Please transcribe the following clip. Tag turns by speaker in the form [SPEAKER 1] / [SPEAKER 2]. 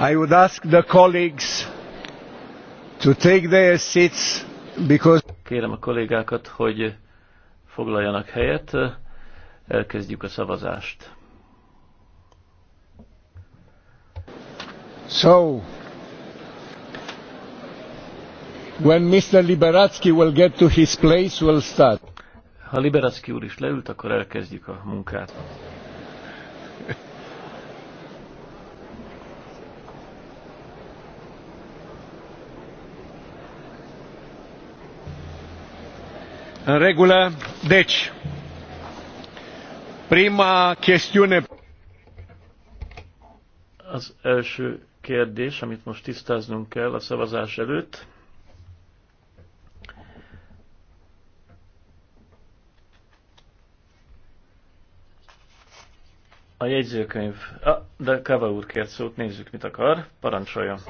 [SPEAKER 1] I would ask the colleagues to take their seats because
[SPEAKER 2] Kérem a kollégákat, hogy foglaljanak helyet. Elkezdjük a szavazást.
[SPEAKER 3] So, when Mr. Liberatsky will get to his place, we'll start. Ha Liberatsky úr is leült, akkor elkezdjük a munkát.
[SPEAKER 4] În regulă. Deci, prima chestiune.
[SPEAKER 5] Az első kérdés, amit most tisztáznunk kell a szavazás előtt, A jegyzőkönyv. Ah, de Kava úr kért szót, nézzük, mit akar. Parancsoljon.